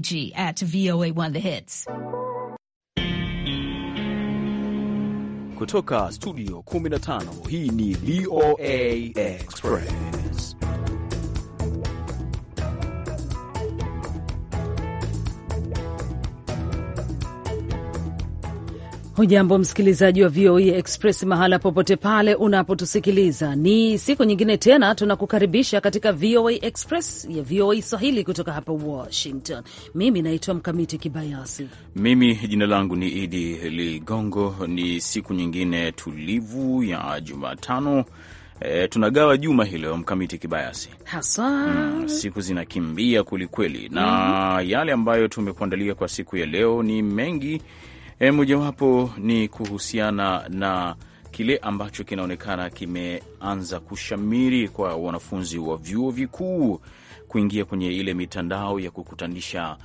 G at VOA 1 The Hits. Kutoka studio 15 hii ni VOA Express. Hujambo msikilizaji wa VOA e Express mahala popote pale unapotusikiliza, ni siku nyingine tena tunakukaribisha katika VOA e Express ya VOA e Swahili kutoka hapa Washington. Mimi naitwa Mkamiti Kibayasi. Mimi jina langu ni Idi Ligongo. Ni siku nyingine tulivu ya Jumatano. E, tunagawa juma hilo Mkamiti Kibayasi hasa. Mm, siku zinakimbia kwelikweli na mm -hmm. Yale ambayo tumekuandalia kwa siku ya leo ni mengi E, mojawapo ni kuhusiana na kile ambacho kinaonekana kimeanza kushamiri kwa wanafunzi wa vyuo vikuu kuingia kwenye ile mitandao ya kukutanisha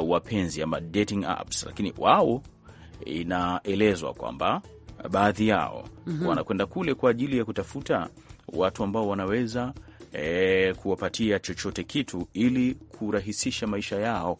uh, wapenzi ama dating apps, lakini wao inaelezwa kwamba baadhi yao mm -hmm. wanakwenda kule kwa ajili ya kutafuta watu ambao wanaweza e, kuwapatia chochote kitu ili kurahisisha maisha yao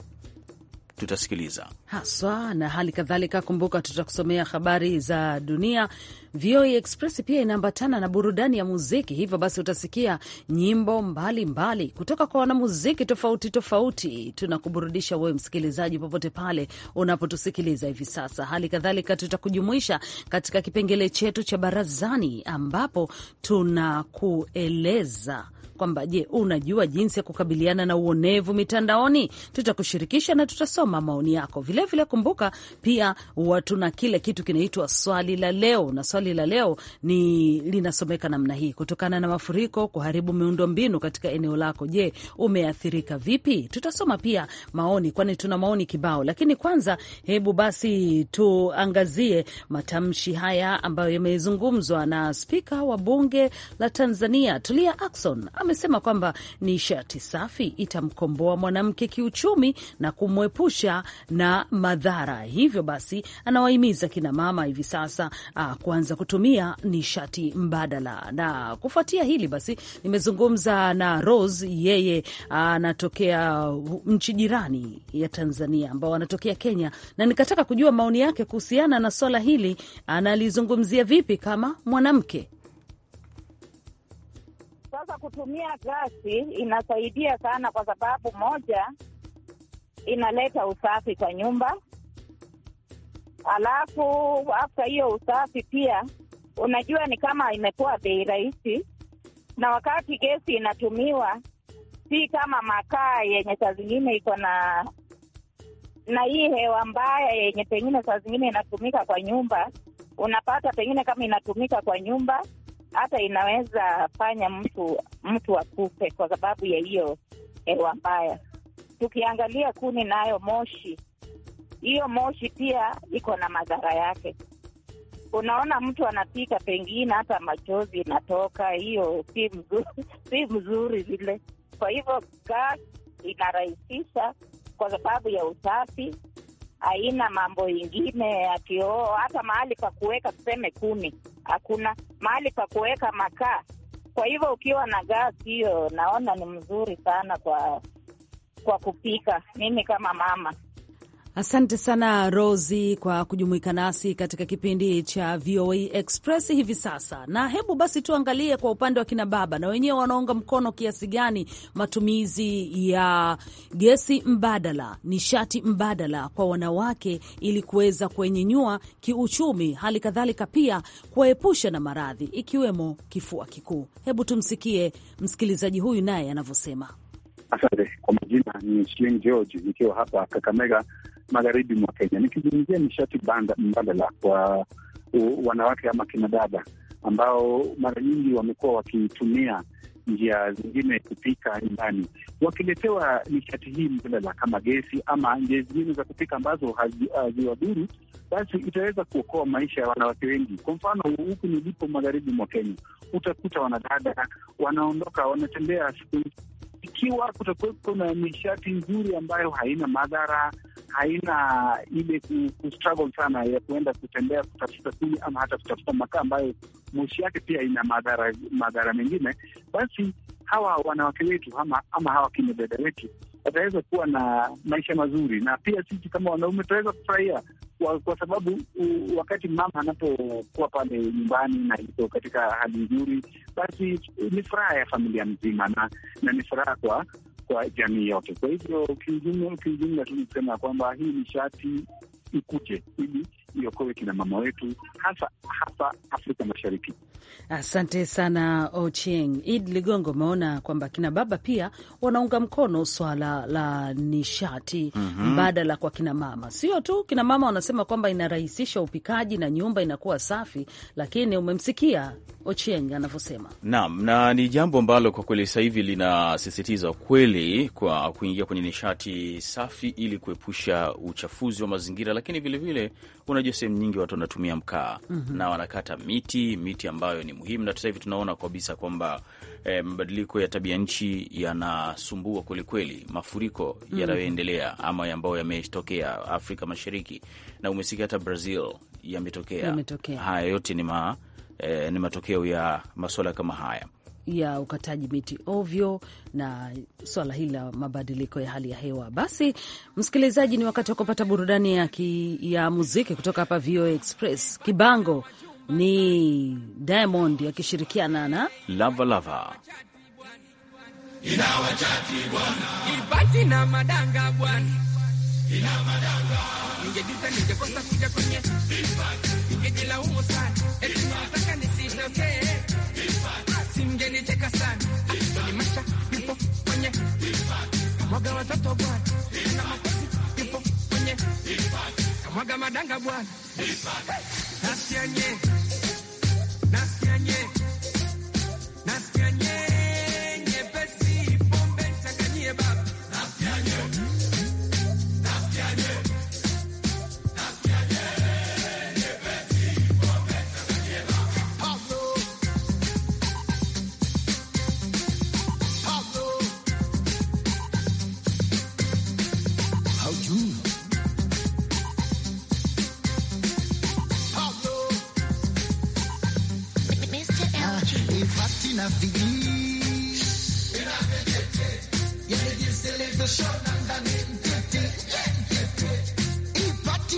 tutasikiliza haswa, na hali kadhalika, kumbuka, tutakusomea habari za dunia. VOA Express pia inaambatana na burudani ya muziki, hivyo basi utasikia nyimbo mbalimbali mbali kutoka kwa wanamuziki tofauti tofauti. Tunakuburudisha wewe msikilizaji, popote pale unapotusikiliza hivi sasa. Hali kadhalika, tutakujumuisha katika kipengele chetu cha barazani, ambapo tunakueleza kwamba je, unajua jinsi ya kukabiliana na uonevu mitandaoni? Tutakushirikisha na tutasoma maoni yako vilevile. Vile kumbuka pia tuna kile kitu kinaitwa swali la leo, na swali la leo ni linasomeka namna hii: kutokana na mafuriko kuharibu miundo mbinu katika eneo lako, je, umeathirika vipi? Tutasoma pia maoni, kwani tuna maoni kibao, lakini kwanza, hebu basi tuangazie matamshi haya ambayo yamezungumzwa na spika wa bunge la Tanzania Tulia Ackson ame amesema kwamba nishati safi itamkomboa mwanamke kiuchumi na kumwepusha na madhara. Hivyo basi, anawahimiza kinamama hivi sasa ah, kuanza kutumia nishati mbadala. Na kufuatia hili basi, nimezungumza na Rose, yeye anatokea nchi jirani ya Tanzania ambao anatokea Kenya, na nikataka kujua maoni yake kuhusiana na swala hili, analizungumzia vipi kama mwanamke sasa kutumia gasi inasaidia sana, kwa sababu moja, inaleta usafi kwa nyumba, alafu hafta hiyo usafi pia, unajua ni kama imekuwa bei rahisi, na wakati gesi inatumiwa si kama makaa yenye saa zingine iko na na hii hewa mbaya yenye pengine saa zingine inatumika kwa nyumba, unapata pengine kama inatumika kwa nyumba hata inaweza fanya mtu mtu akufe kwa sababu ya hiyo hewa mbaya. Tukiangalia kuni nayo moshi, hiyo moshi pia iko na madhara yake. Unaona, mtu anapika, pengine hata machozi inatoka, hiyo si mzuri, si mzuri vile. Kwa hivyo gas inarahisisha kwa sababu ya usafi haina mambo ingine yakioa, oh, hata mahali pa kuweka tuseme kumi, hakuna, mahali pa kuweka makaa. Kwa hivyo ukiwa na gasi hiyo, naona ni mzuri sana kwa kwa kupika. Mimi kama mama Asante sana Rosi kwa kujumuika nasi katika kipindi cha VOA Express hivi sasa. Na hebu basi tuangalie kwa upande wa kina baba, na wenyewe wanaunga mkono kiasi gani matumizi ya gesi mbadala, nishati mbadala kwa wanawake, ili kuweza kuenyenyua kiuchumi, hali kadhalika pia kuwaepusha na maradhi ikiwemo kifua kikuu. Hebu tumsikie msikilizaji huyu naye anavyosema. Asante. Kwa majina ni Shien George, nikiwa hapa Kakamega, magharibi mwa Kenya. Nikizungumzia nishati mbadala kwa wanawake ama kina dada ambao mara nyingi wamekuwa wakitumia njia zingine kupika nyumbani, wakiletewa nishati hii mbadala kama gesi ama njia zingine za kupika ambazo haziwadhuru, basi itaweza kuokoa maisha ya wanawake wengi. Kwa mfano, huku nilipo magharibi mwa Kenya, utakuta wanadada wanaondoka, wanatembea siku ikiwa kutakuwepo na nishati nzuri ambayo haina madhara haina ile kustruggle sana ya kuenda kutembea kutafuta kuni ama hata kutafuta makaa ambayo moshi yake pia ina madhara madhara mengine, basi hawa wanawake wetu ama, ama hawa kina dada wetu wataweza kuwa na maisha mazuri, na pia sisi kama wanaume tutaweza kufurahia kwa, kwa sababu u, wakati mama anapokuwa pale nyumbani na iko katika hali nzuri, basi ni furaha ya familia mzima na, na ni furaha kwa kwa jamii yote. Kwa hivyo kiujumla, kiujumla tu kusema kwamba hii nishati ikuje ili iokoe kina mama wetu hasa hasa Afrika Mashariki. Asante sana Ochieng. Id Ligongo umeona kwamba kina baba pia wanaunga mkono swala la nishati mm -hmm. mbadala kwa kina mama. Sio tu kina mama wanasema kwamba inarahisisha upikaji na nyumba inakuwa safi, lakini umemsikia Ochieng anavyosema. Naam, na ni jambo ambalo kwa kweli sasa hivi linasisitiza kweli kwa kuingia kwenye nishati safi ili kuepusha uchafuzi wa mazingira, lakini vilevile vile, unajua sehemu nyingi watu wanatumia mkaa mm -hmm. na wanakata miti miti ambayo ni muhimu, na sasa hivi tunaona kabisa kwamba eh, mabadiliko ya tabia nchi yanasumbua kwelikweli, mafuriko mm -hmm. yanayoendelea ama ambayo yametokea Afrika Mashariki na umesikia hata Brazil yametokea. Haya yote ni, ma, eh, ni matokeo ya masuala kama haya ya ukataji miti ovyo na swala hili la mabadiliko ya hali ya hewa. Basi msikilizaji, ni wakati wa kupata burudani ya, ki, ya muziki kutoka hapa VOA Express. Kibango ni Diamond akishirikiana na Lava Lava Waga watoto bwana, ipo kwenye waga madanga bwana, nasianye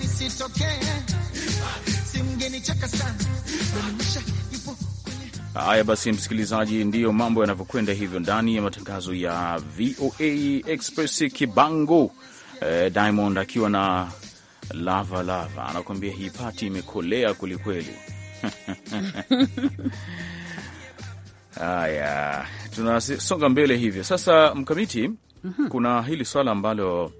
nisitokee, sana ipo Haya basi, msikilizaji, ndiyo mambo yanavyokwenda hivyo ndani ya matangazo ya VOA Express. Kibango eh, Diamond akiwa na Lava Lava anakuambia hii pati imekolea kwelikweli. Haya, tunasonga mbele hivyo sasa, Mkamiti. mm -hmm. Kuna hili swala ambalo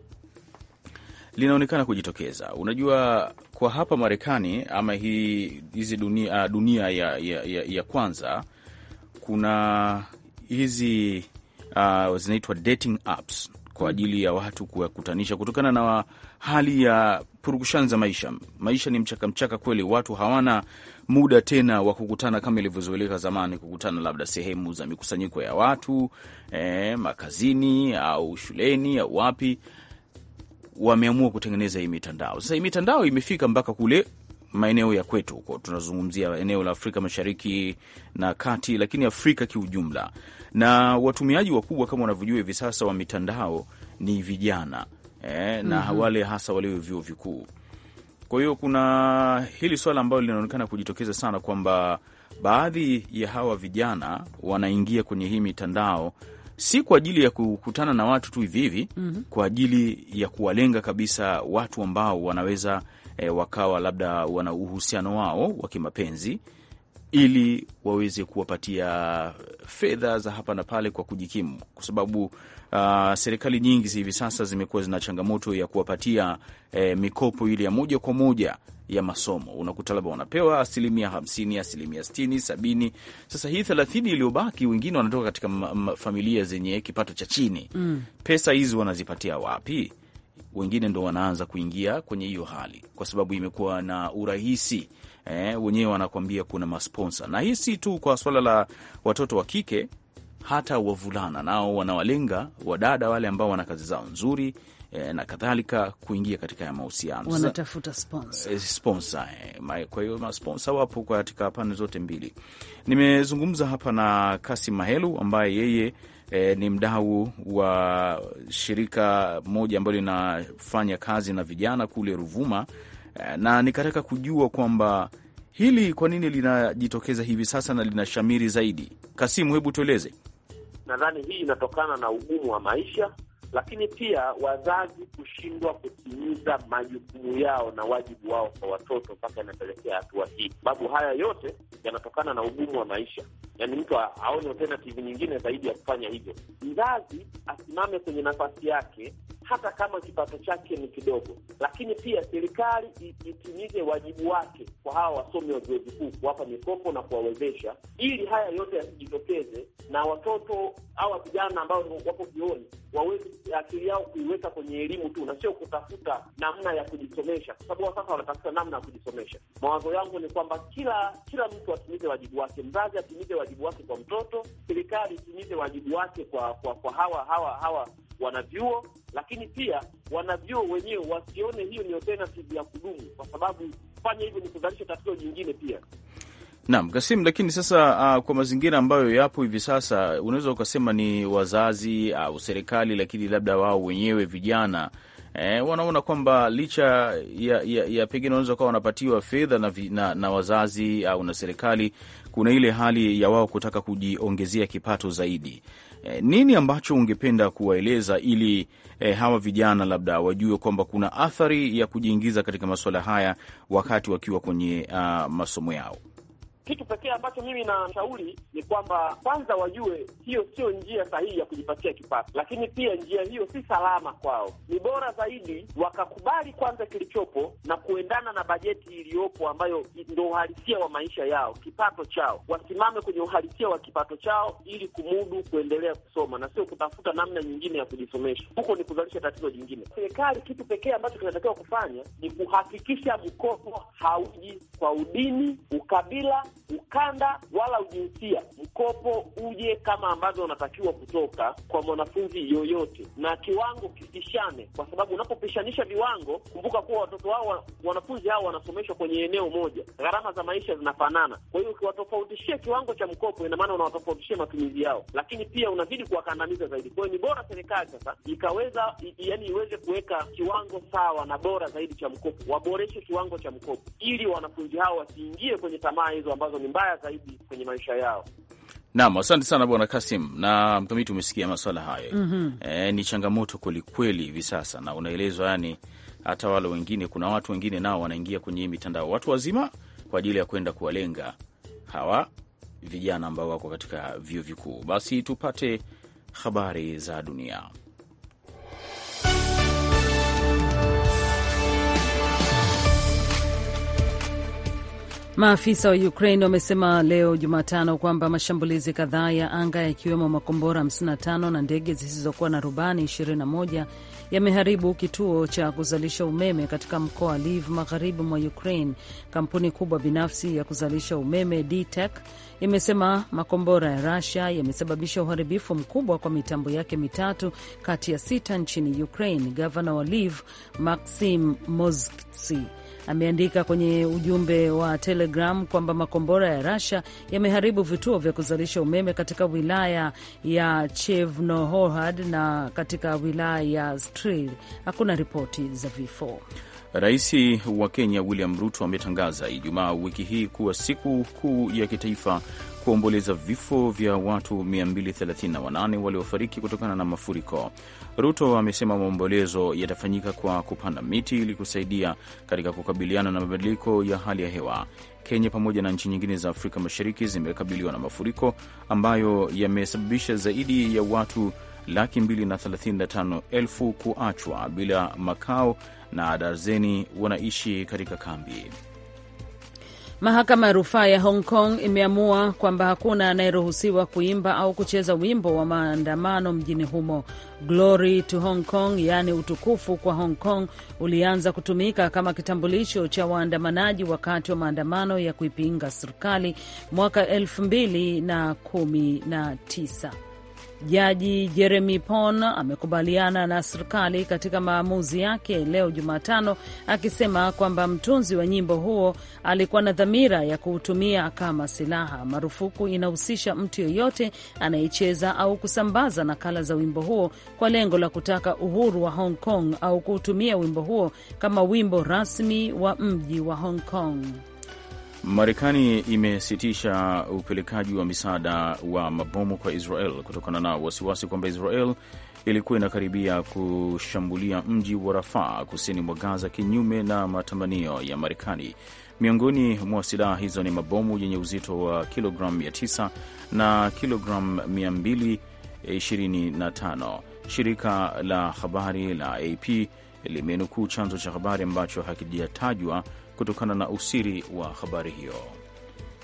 linaonekana kujitokeza. Unajua, kwa hapa Marekani ama hii hizi dunia, ah, dunia ya, ya, ya, ya kwanza kuna hizi uh, zinaitwa dating apps kwa ajili ya watu kuwakutanisha kutokana na hali ya purukushani za maisha. Maisha ni mchaka mchaka kweli, watu hawana muda tena wa kukutana kama ilivyozoeleka zamani, kukutana labda sehemu za mikusanyiko ya watu eh, makazini au shuleni au wapi wameamua kutengeneza hii mitandao. Sasa hii mitandao imefika mpaka kule maeneo ya kwetu huko, tunazungumzia eneo la Afrika Mashariki na Kati, lakini Afrika kiujumla. Na watumiaji wakubwa kama wanavyojua hivi sasa wa mitandao ni vijana eh, na mm -hmm. wale hasa walio vyuo vikuu. Kwa hiyo kuna hili swala ambalo linaonekana kujitokeza sana kwamba baadhi ya hawa vijana wanaingia kwenye hii mitandao si kwa ajili ya kukutana na watu tu hivi hivi mm -hmm. Kwa ajili ya kuwalenga kabisa watu ambao wanaweza e, wakawa labda wana uhusiano wao wa kimapenzi ili waweze kuwapatia fedha za hapa na pale kwa kujikimu, kwa sababu uh, serikali nyingi hivi sasa zimekuwa zina changamoto ya kuwapatia eh, mikopo ile ya moja kwa moja ya masomo. Unakuta labda wanapewa asilimia hamsini, asilimia sitini, sabini. Sasa hii thelathini iliyobaki, wengine wanatoka katika familia zenye kipato cha chini mm. Pesa hizi wanazipatia wapi? Wengine ndo wanaanza kuingia kwenye hiyo hali, kwa sababu imekuwa na urahisi eh, wenyewe wanakuambia kuna masponsa, na hii si tu kwa swala la watoto wa kike, hata wavulana nao wanawalenga wadada wale ambao wana kazi zao nzuri eh, na kadhalika kuingia katika mahusiano, wanatafuta sponsa. Eh, eh, kwa hiyo masponsa wapo katika pande zote mbili. Nimezungumza hapa na Kasim Mahelu ambaye yeye e, ni mdau wa shirika moja ambalo linafanya kazi na vijana kule Ruvuma Eh, na nikataka kujua kwamba hili kwa nini linajitokeza hivi sasa na linashamiri zaidi. Kasimu, hebu tueleze. Nadhani hii inatokana na ugumu wa maisha, lakini pia wazazi kushindwa kutimiza majukumu yao na wajibu wao kwa watoto mpaka yanapelekea hatua hii, sababu haya yote yanatokana na ugumu wa maisha. Yani mtu aone alternative nyingine zaidi ya kufanya hivyo. Mzazi asimame kwenye nafasi yake, hata kama kipato chake ni kidogo. Lakini pia serikali itimize wajibu wake kwa hawa wasomi wa vyuo vikuu, kuwapa mikopo na kuwawezesha, ili haya yote yasijitokeze, na watoto au vijana ambao wapo vioni waweze akili yao kuiweka kwenye elimu tu na sio kutafuta namna ya kujisomesha, kwa sababu sasa wanatafuta namna ya kujisomesha. Mawazo yangu ni kwamba kila kila mtu atimize wajibu wake, mzazi atimize wajibu wake kwa mtoto, serikali itimize wajibu wake kwa kwa, kwa hawa hawa hawa wanavyuo, lakini pia wanavyuo wenyewe wasione hiyo ni alternative ya kudumu, kwa sababu kufanya hivyo ni kuzalisha tatizo jingine pia. Naam, Kasim, lakini sasa uh, kwa mazingira ambayo yapo hivi sasa, unaweza ukasema ni wazazi uh, au uh, serikali, lakini labda wao wenyewe vijana eh, wanaona kwamba licha ya, ya, ya pengine wanaweza kuwa wanapatiwa fedha na, na, na wazazi au uh, na serikali, kuna ile hali ya wao kutaka kujiongezea kipato zaidi. Eh, nini ambacho ungependa kuwaeleza ili e, hawa vijana labda wajue kwamba kuna athari ya kujiingiza katika masuala haya wakati wakiwa kwenye uh, masomo yao? Kitu pekee ambacho mimi nashauri ni kwamba kwanza wajue hiyo sio njia sahihi ya kujipatia kipato, lakini pia njia hiyo si salama kwao. Ni bora zaidi wakakubali kwanza kilichopo na kuendana na bajeti iliyopo, ambayo ndo uhalisia wa maisha yao, kipato chao. Wasimame kwenye uhalisia wa kipato chao ili kumudu kuendelea kusoma na sio kutafuta namna nyingine ya kujisomesha. Huko ni kuzalisha tatizo jingine. Serikali kitu pekee ambacho kinatakiwa kufanya ni kuhakikisha mkopo hauji kwa udini, ukabila ukanda wala ujinsia, mkopo uje kama ambavyo unatakiwa kutoka kwa mwanafunzi yoyote, na kiwango kipishane, kwa sababu unapopishanisha viwango, kumbuka kuwa watoto hao, wanafunzi hao wanasomeshwa kwenye eneo moja, gharama za maisha zinafanana. Kwa hiyo ukiwatofautishia kiwango cha mkopo, ina maana unawatofautishia matumizi yao, lakini pia unazidi kuwakandamiza zaidi. Kwa hiyo ni bora serikali sasa ikaweza yani, iweze kuweka kiwango sawa na bora zaidi cha mkopo, waboreshe kiwango cha mkopo ili wanafunzi hao wasiingie kwenye tamaa hizo ambazo ambazo ni mbaya zaidi kwenye maisha yao. Naam, asante sana Bwana Kasim na Mkamiti, umesikia maswala hayo mm -hmm. E, ni changamoto kwelikweli hivi sasa, na unaelezwa yani hata wale wengine, kuna watu wengine nao wanaingia kwenye mitandao, watu wazima, kwa ajili ya kwenda kuwalenga hawa vijana ambao wako katika vyuo vikuu. Basi tupate habari za dunia. Maafisa wa Ukraine wamesema leo Jumatano kwamba mashambulizi kadhaa ya anga yakiwemo makombora 55 na ndege zisizokuwa na rubani 21 yameharibu kituo cha kuzalisha umeme katika mkoa wa Lviv magharibi mwa Ukraine. Kampuni kubwa binafsi ya kuzalisha umeme DTEK imesema makombora ya Russia yamesababisha uharibifu mkubwa kwa mitambo yake mitatu kati ya sita nchini Ukraine. Gavana wa Lviv Maxim mosksi ameandika kwenye ujumbe wa Telegram kwamba makombora ya Rasha yameharibu vituo vya kuzalisha umeme katika wilaya ya chevnohohad na katika wilaya ya Stril. Hakuna ripoti za vifo. Rais wa Kenya William Ruto ametangaza Ijumaa wiki hii kuwa siku kuu ya kitaifa kuomboleza vifo vya watu 238 waliofariki kutokana na mafuriko. Ruto amesema maombolezo yatafanyika kwa kupanda miti ili kusaidia katika kukabiliana na mabadiliko ya hali ya hewa. Kenya pamoja na nchi nyingine za Afrika Mashariki zimekabiliwa na mafuriko ambayo yamesababisha zaidi ya watu laki mbili na thelathini na tano elfu kuachwa bila makao na darzeni wanaishi katika kambi. Mahakama ya rufaa ya Hong Kong imeamua kwamba hakuna anayeruhusiwa kuimba au kucheza wimbo wa maandamano mjini humo. Glory to Hong Kong, yaani utukufu kwa Hong Kong, ulianza kutumika kama kitambulisho cha waandamanaji wakati wa maandamano ya kuipinga serikali mwaka elfu mbili na kumi na tisa. Jaji Jeremy Pon amekubaliana na serikali katika maamuzi yake leo Jumatano, akisema kwamba mtunzi wa nyimbo huo alikuwa na dhamira ya kuutumia kama silaha. Marufuku inahusisha mtu yeyote anayecheza au kusambaza nakala za wimbo huo kwa lengo la kutaka uhuru wa Hong Kong au kuutumia wimbo huo kama wimbo rasmi wa mji wa Hong Kong. Marekani imesitisha upelekaji wa misaada wa mabomu kwa Israel kutokana na wasiwasi kwamba Israel ilikuwa inakaribia kushambulia mji wa Rafaa kusini mwa Gaza, kinyume na matamanio ya Marekani. Miongoni mwa silaha hizo ni mabomu yenye uzito wa kilogramu 900 na kilogramu 225. Shirika la habari la AP limenukuu chanzo cha habari ambacho hakijatajwa kutokana na usiri wa habari hiyo.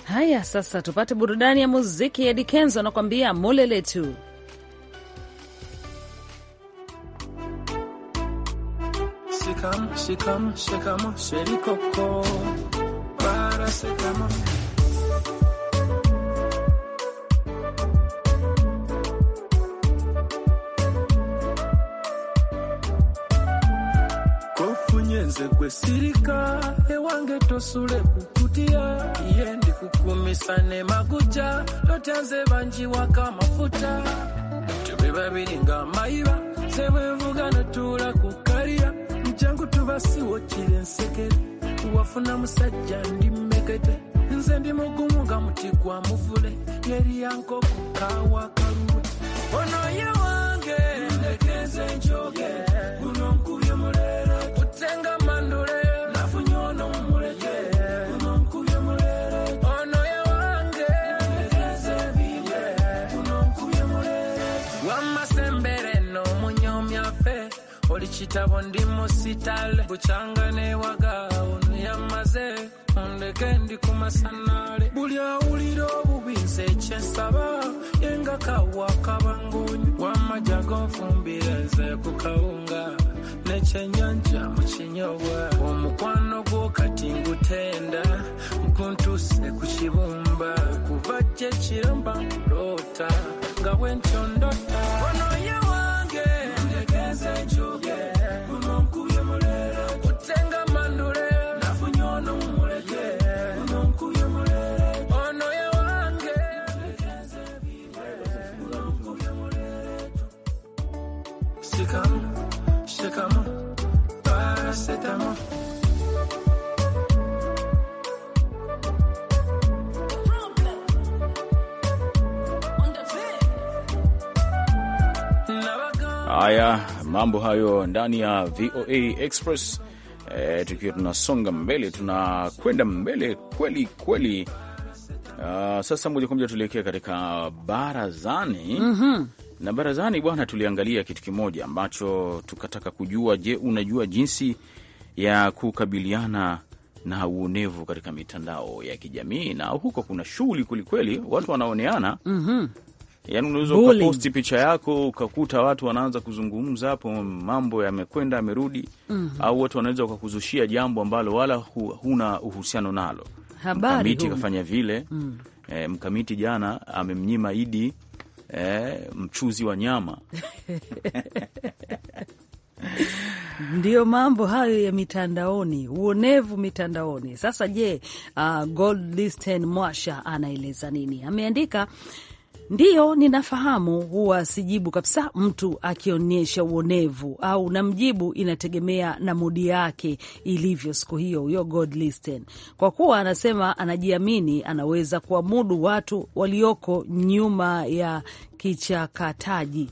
Haya, sasa tupate burudani ya muziki. Eddy Kenzo anakuambia mule letu. Shikam, para, shikam, nze gwe sirika ewange tosule kukutya ye ndi kukumisa ne maguja totya nze banjiwaka mafuta tube babiri nga mayiba se bwevuga natula ku kalira njangu tuba siwo kiri nsekere wafuna musajja ndi mekete nze ndi mugumu ga muti gwa muvule yeriyankoku kawaka kitabo ndimo sitale buchanga ne wagawo yamaze ondeke ndi kumasanale buli awulira obubi nze kyensaba yenga kawa kabangonyi wamaja gonfumbire nze ku kawunga nekyenyanja mu kinyobwa omukwano gwo kati ngutenda nkuntuse ku kibumba kuva gye kirambankulota nga bwentyo ndota mambo hayo ndani ya VOA Express. E, tukiwa tunasonga mbele, tunakwenda mbele kweli kweli. Uh, sasa moja kwa moja tuelekea katika barazani mm -hmm. Na barazani bwana, tuliangalia kitu kimoja ambacho tukataka kujua. Je, unajua jinsi ya kukabiliana na uonevu katika mitandao ya kijamii? Na huko kuna shughuli kwelikweli, watu wanaoneana mm -hmm yani unaweza ukaposti picha yako ukakuta watu wanaanza kuzungumza hapo, mambo yamekwenda yamerudi. mm -hmm. Au watu wanaweza wakakuzushia jambo ambalo wala hu, huna uhusiano nalo. Mkamiti kafanya vile mm. E, mkamiti jana amemnyima Idi e, mchuzi wa nyama Ndiyo mambo hayo ya mitandaoni, uonevu mitandaoni. Sasa je, uh, ah, Goldlisten Mwasha anaeleza nini? Ameandika Ndiyo, ninafahamu. Huwa sijibu kabisa mtu akionyesha uonevu au namjibu, inategemea na mudi yake ilivyo siku hiyo, huyo Kwa kuwa anasema anajiamini, anaweza kuamudu watu walioko nyuma ya kichakataji.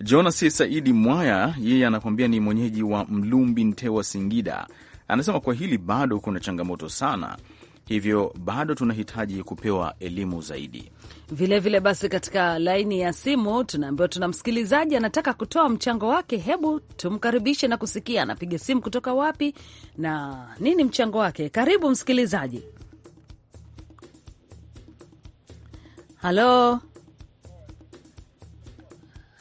Jonas Saidi Mwaya yeye anakuambia ni mwenyeji wa Mlumbi, Ntewa, Singida. Anasema kwa hili bado kuna changamoto sana, hivyo bado tunahitaji kupewa elimu zaidi. Vilevile vile basi, katika laini ya simu tunaambiwa tuna msikilizaji anataka kutoa mchango wake. Hebu tumkaribishe na kusikia anapiga simu kutoka wapi na nini mchango wake. Karibu msikilizaji. Halo.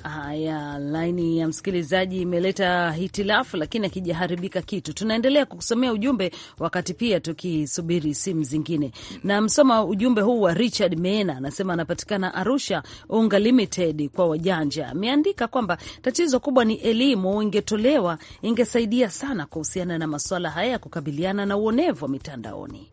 Haya, laini ya msikilizaji imeleta hitilafu, lakini akijaharibika kitu, tunaendelea kukusomea ujumbe wakati pia tukisubiri simu zingine. Na msoma ujumbe huu wa Richard Meena anasema anapatikana Arusha, Unga Limited kwa wajanja. Ameandika kwamba tatizo kubwa ni elimu, ingetolewa ingesaidia sana kuhusiana na masuala haya ya kukabiliana na uonevu wa mitandaoni.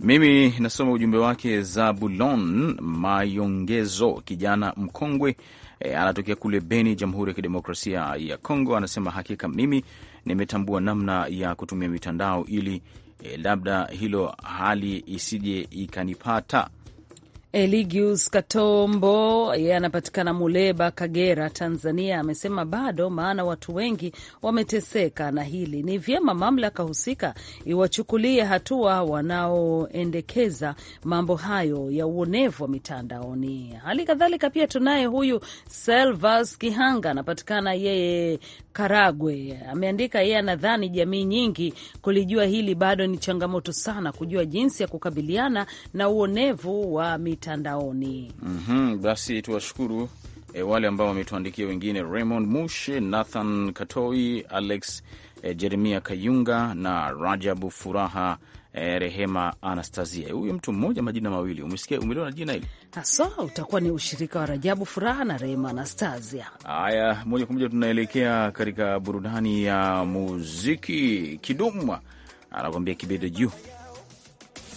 Mimi nasoma ujumbe wake Zabulon Mayongezo, kijana mkongwe e, anatokea kule Beni, Jamhuri ya Kidemokrasia ya Kongo. Anasema hakika mimi nimetambua namna ya kutumia mitandao ili e, labda hilo hali isije ikanipata Eligius Katombo, yeye anapatikana Muleba, Kagera, Tanzania, amesema bado, maana watu wengi wameteseka na hili. Ni vyema mamlaka husika iwachukulie hatua wanaoendekeza mambo hayo ya uonevu wa mitandaoni. Hali kadhalika pia tunaye huyu Selvas Kihanga, anapatikana yeye Karagwe, ameandika yeye anadhani jamii nyingi kulijua hili bado ni changamoto sana, kujua jinsi ya kukabiliana na uonevu wa mitandaoni mitandaoni. mm -hmm, basi tuwashukuru e, wale ambao wametuandikia wengine, Raymond Mushe, Nathan Katoi, Alex e, Jeremia Kayunga na Rajabu Furaha e, Rehema Anastasia. Huyu mtu mmoja majina mawili, umesikia, umelewa na jina hili haswa, utakuwa ni ushirika wa Rajabu Furaha na Rehema Anastasia. Haya, moja kwa moja tunaelekea katika burudani ya muziki. Kidumwa anakuambia kibedo juu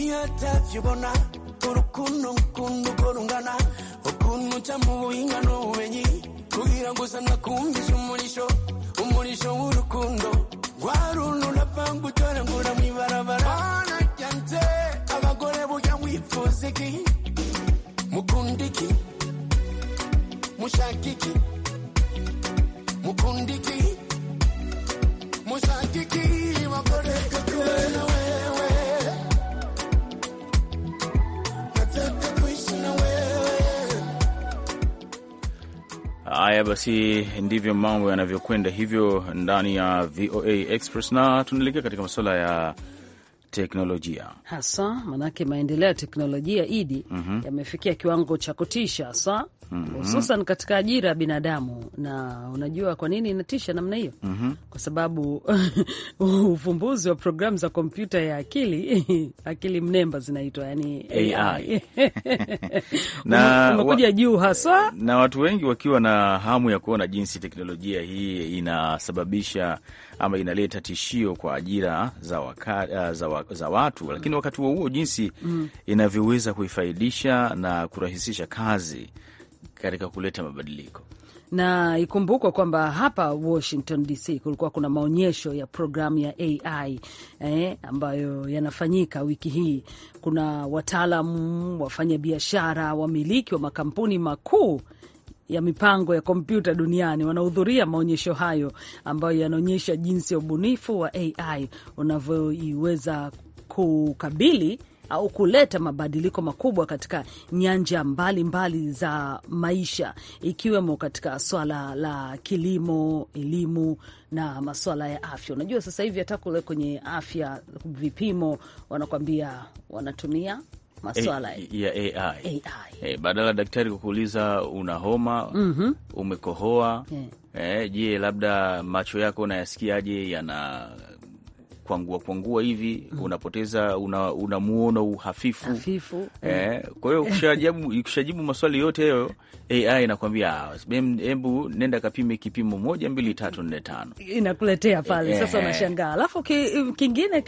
iyatavyibona urukundo nkunda ukora ungana ukuntu uca mu buhinga n'ubumenyi kugira ngo usanakumvishe umurisho umurisho w'urukundo rwa runtu napanga utoragura mu ibarabara wanajyanze abagore burya mwifuza iki mukunda iki mushaka iki mukunda iki mushaka iki bagore kakubera Haya basi, ndivyo mambo yanavyokwenda hivyo ndani ya VOA Express, na tunaelekea katika masuala ya teknolojia hasa, manake maendeleo ya teknolojia idi, mm -hmm. yamefikia kiwango cha kutisha hasa Mm-hmm. hususan mm -hmm. katika ajira ya binadamu. Na unajua kwa nini inatisha namna hiyo? mm -hmm. Kwa sababu ufumbuzi wa programu za kompyuta ya akili akili mnemba zinaitwa yani AI umekuja juu haswa, na watu wengi wakiwa na hamu ya kuona jinsi teknolojia hii inasababisha ama inaleta tishio kwa ajira za, waka, za, wa, za watu, lakini wakati huo huo jinsi mm inavyoweza kuifaidisha na kurahisisha kazi katika kuleta mabadiliko na ikumbukwa kwamba hapa Washington DC kulikuwa kuna maonyesho ya programu ya AI eh, ambayo yanafanyika wiki hii. Kuna wataalamu, biashara wamiliki wa makampuni makuu ya mipango ya kompyuta duniani wanahudhuria maonyesho hayo ambayo yanaonyesha jinsi ya ubunifu wa AI unavyoiweza kukabili au kuleta mabadiliko makubwa katika nyanja mbalimbali mbali za maisha ikiwemo katika swala la kilimo, elimu na masuala ya afya. Unajua sasa hivi hata kule kwenye afya vipimo wanakwambia wanatumia maswala A, ya AI. AI. Eh, badala daktari kukuuliza una homa, mm -hmm. umekohoa yeah. Eh, je, labda macho yako unayasikiaje? yana kuangua kuangua hivi mm. Unapoteza unamuona una uhafifu hafifu. Eh, kwa hiyo ukishajibu maswali yote hayo AI inakwambia hebu ah, nenda kapime kipimo moja mbili tatu nne tano, inakuletea pale eh. Sasa unashangaa alafu ki, kingine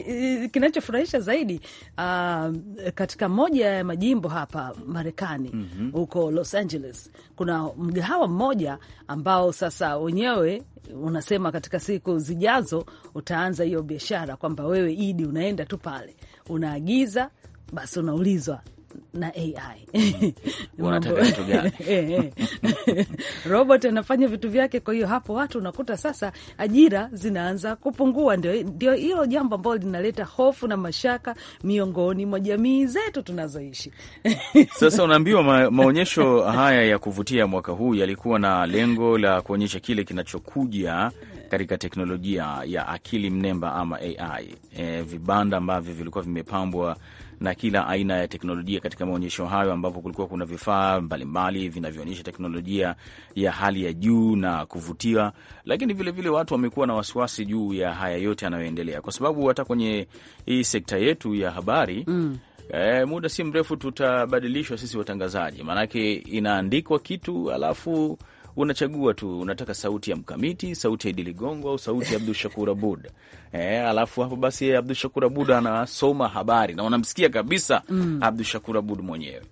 kinachofurahisha zaidi uh, katika moja ya majimbo hapa Marekani mm huko -hmm. Los Angeles kuna mgahawa mmoja ambao sasa wenyewe unasema katika siku zijazo utaanza hiyo biashara, kwamba wewe Idi unaenda tu pale unaagiza, basi unaulizwa na AI vitu eh, eh. Robot anafanya vitu vyake. Kwa hiyo hapo watu unakuta sasa ajira zinaanza kupungua. Ndio, ndio hilo jambo ambalo linaleta hofu na mashaka miongoni mwa jamii zetu tunazoishi. Sasa unaambiwa ma, maonyesho haya ya kuvutia mwaka huu yalikuwa na lengo la kuonyesha kile kinachokuja katika teknolojia ya akili mnemba ama AI. E, eh, vibanda ambavyo vilikuwa vimepambwa na kila aina ya teknolojia katika maonyesho hayo, ambapo kulikuwa kuna vifaa mbalimbali vinavyoonyesha teknolojia ya hali ya juu na kuvutia. Lakini vilevile vile watu wamekuwa na wasiwasi juu ya haya yote yanayoendelea, kwa sababu hata kwenye hii sekta yetu ya habari mm. Eh, muda si mrefu tutabadilishwa sisi watangazaji, maanake inaandikwa kitu alafu unachagua tu, unataka sauti ya Mkamiti, sauti ya Idi Ligongo au sauti ya Abdu Shakur Abud. E, alafu hapo basi Abdu Shakur Abud anasoma habari na unamsikia kabisa mm. Abdu Shakur Abud mwenyewe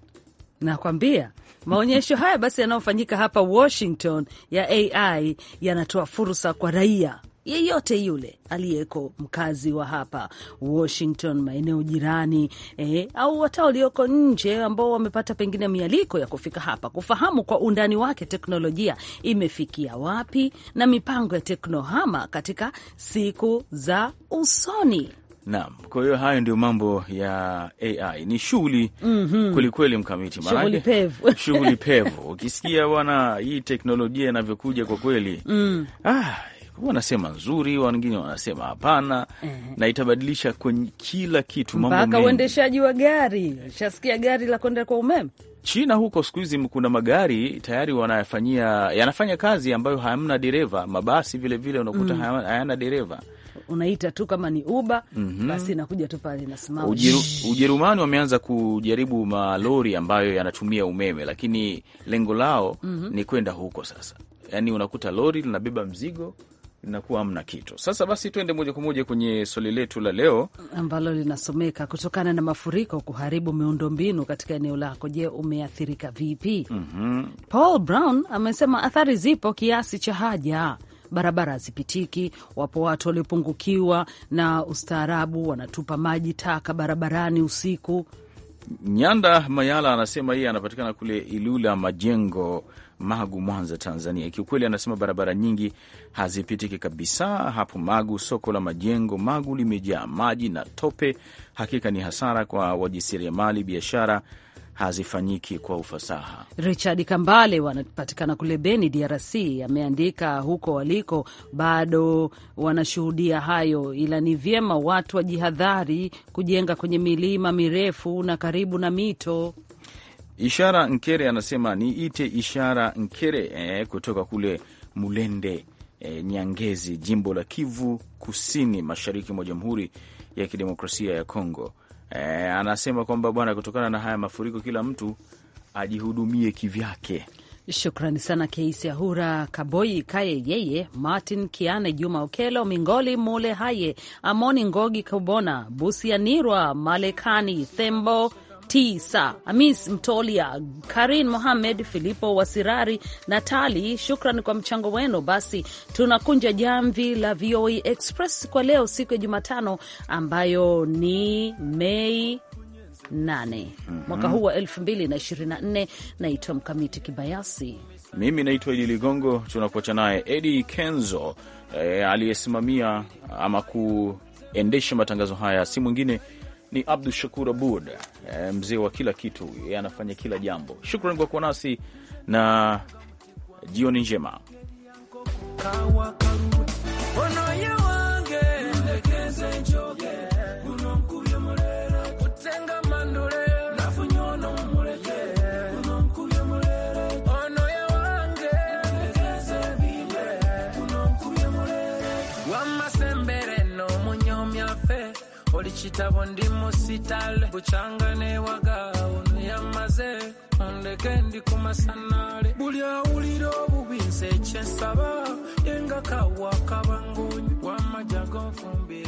nakwambia maonyesho haya basi yanayofanyika hapa Washington ya AI yanatoa fursa kwa raia yeyote yule aliyeko mkazi wa hapa Washington, maeneo jirani eh, au hata walioko nje ambao wamepata pengine mialiko ya kufika hapa, kufahamu kwa undani wake teknolojia imefikia wapi na mipango ya teknohama katika siku za usoni. Naam, kwa hiyo hayo ndio mambo ya AI. Ni shughuli mm -hmm. kwelikweli, mkamiti shughuli pevu, shughuli pevu. Ukisikia bwana, hii teknolojia inavyokuja kwa kweli mm. ah, wanasema nzuri, wengine wanasema hapana mm. na itabadilisha kwenye kila kitu, mpaka uendeshaji wa gari. Shasikia gari la kwenda kwa umeme China huko siku hizi kuna magari tayari wanayafanyia yanafanya kazi ambayo hamna dereva. Mabasi vilevile unakuta mm. hayana dereva, unaita tu kama ni Uber mm -hmm. Basi inakuja tu pale inasimama. Ujerumani wameanza kujaribu malori ambayo yanatumia umeme, lakini lengo lao mm -hmm. ni kwenda huko sasa, yaani unakuta lori linabeba mzigo inakuwa hamna kitu. Sasa basi, tuende moja kwa moja kwenye swali letu la leo ambalo linasomeka: kutokana na mafuriko kuharibu miundombinu katika eneo lako, je, umeathirika vipi? mm -hmm. Paul Brown amesema athari zipo kiasi cha haja barabara hazipitiki. Wapo watu waliopungukiwa na ustaarabu, wanatupa maji taka barabarani usiku. Nyanda Mayala anasema yeye anapatikana kule Ilula Majengo Magu, Mwanza, Tanzania. Kiukweli anasema barabara nyingi hazipitiki kabisa hapo Magu. Soko la majengo Magu limejaa maji na tope, hakika ni hasara kwa wajasiriamali, biashara hazifanyiki kwa ufasaha. Richard Kambale wanapatikana kule Beni, DRC, ameandika huko waliko bado wanashuhudia hayo, ila ni vyema watu wajihadhari kujenga kwenye milima mirefu na karibu na mito. Ishara Nkere anasema niite Ishara Nkere eh, kutoka kule Mulende eh, Nyangezi, jimbo la Kivu Kusini, mashariki mwa Jamhuri ya Kidemokrasia ya Kongo. Eh, anasema kwamba bwana, kutokana na haya mafuriko, kila mtu ajihudumie kivyake. Shukrani sana Keisi Ahura Kaboi Kaye Yeye Martin Kiane Juma Okelo Mingoli Mule Haye Amoni Ngogi kubona Busianirwa Malekani Thembo tisa. amis Mtolia, Karin Mohamed, Filipo Wasirari na Tali, shukran kwa mchango wenu. Basi tunakunja jamvi la VOA e Express kwa leo, siku ya Jumatano ambayo ni Mei 8 mhm. mwaka huu wa nne. Naitwa Mkamiti Kibayasi, mimi naitwa Idi Ligongo. Tunakuacha naye Edi Kenzo eh, aliyesimamia ama kuendesha matangazo haya, si mwingine ni Abdu Shakur Abud, eh, mzee wa kila kitu, yeye anafanya kila jambo. Shukran kwa kuwa nasi na jioni njema. chitabo ndimo sitale buchanga ne wagawo yamaze ondeke ndi kumasanale buli awulira obubi nse kyensaba yenga kawa kabangonyi wamajja gonfumbira